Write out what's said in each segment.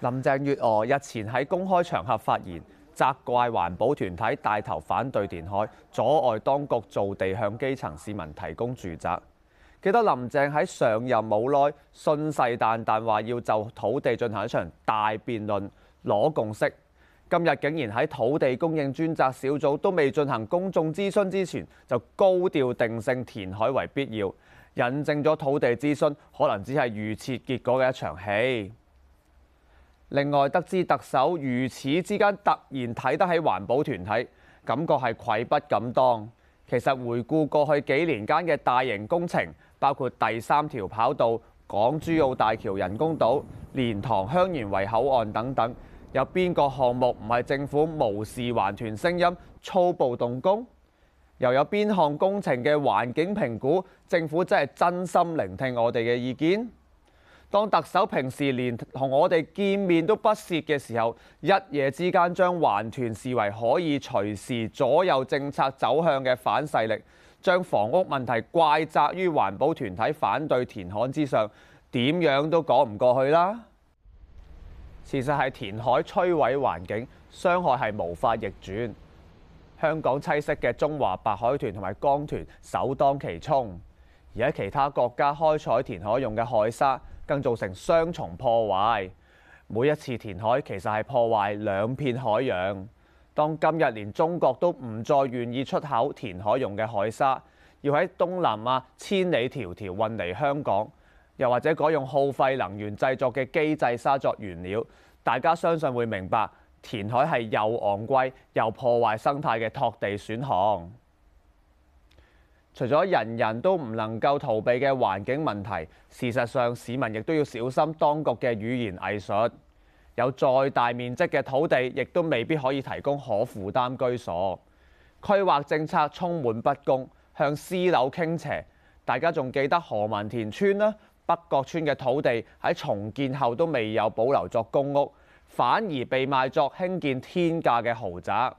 林鄭月娥日前喺公開場合發言，責怪環保團體帶頭反對填海，阻礙當局造地，向基層市民提供住宅。記得林鄭喺上任冇耐，信誓旦旦話要就土地進行一場大辯論，攞共識。今日竟然喺土地供應專責小組都未進行公眾諮詢之前，就高調定性填海為必要，引證咗土地諮詢可能只係預設結果嘅一場戲。另外得知特首如此之間突然睇得起環保團體，感覺係愧不敢當。其實回顧過去幾年間嘅大型工程，包括第三條跑道、港珠澳大橋人工島、蓮塘香園圍口岸等等，有邊個項目唔係政府無視環團聲音，粗暴動工？又有邊項工程嘅環境評估，政府真係真心聆聽我哋嘅意見？當特首平時連同我哋見面都不屑嘅時候，一夜之間將環團視為可以隨時左右政策走向嘅反勢力，將房屋問題怪責於環保團體反對填海之上，點樣都講唔過去啦。事實係填海摧毀環境，傷害係無法逆轉。香港棲息嘅中華白海豚同埋江豚首當其衝，而喺其他國家開採填海用嘅海沙。更造成雙重破壞。每一次填海其實係破壞兩片海洋。當今日連中國都唔再願意出口填海用嘅海沙，要喺東南亞千里迢迢運嚟香港，又或者改用耗費能源製作嘅機製沙作原料，大家相信會明白填海係又昂貴又破壞生態嘅拓地選項。除咗人人都唔能夠逃避嘅環境問題，事實上市民亦都要小心當局嘅語言藝術。有再大面積嘅土地，亦都未必可以提供可負擔居所。規劃政策充滿不公，向私樓傾斜。大家仲記得何文田村啦，北角村嘅土地喺重建後都未有保留作公屋，反而被賣作興建天價嘅豪宅。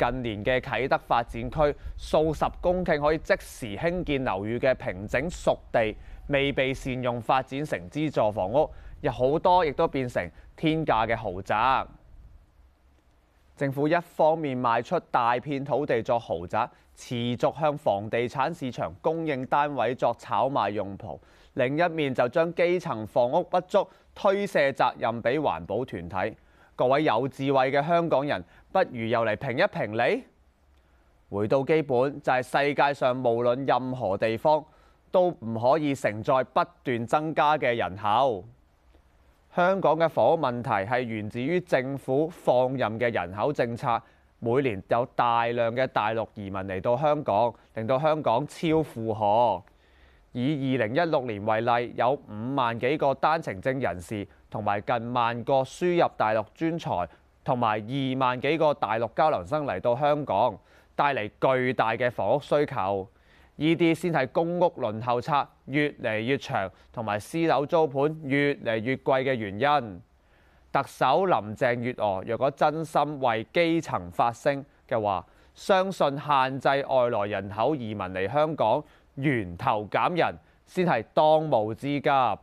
近年嘅啟德發展區，數十公頃可以即時興建樓宇嘅平整熟地，未被善用發展成資助房屋，有好多亦都變成天價嘅豪宅。政府一方面賣出大片土地作豪宅，持續向房地產市場供應單位作炒賣用途；另一面就將基層房屋不足推卸責任俾環保團體。各位有智慧嘅香港人，不如又嚟評一評理。回到基本，就係、是、世界上無論任何地方都唔可以承載不斷增加嘅人口。香港嘅房屋問題係源自於政府放任嘅人口政策，每年有大量嘅大陸移民嚟到香港，令到香港超負荷。以二零一六年為例，有五萬幾個單程證人士，同埋近萬個輸入大陸專才，同埋二萬幾個大陸交流生嚟到香港，帶嚟巨大嘅房屋需求。呢啲先係公屋輪候冊越嚟越長，同埋私樓租盤越嚟越貴嘅原因。特首林鄭月娥若果真心為基層發聲嘅話，相信限制外來人口移民嚟香港。源頭減人，先係當務之急。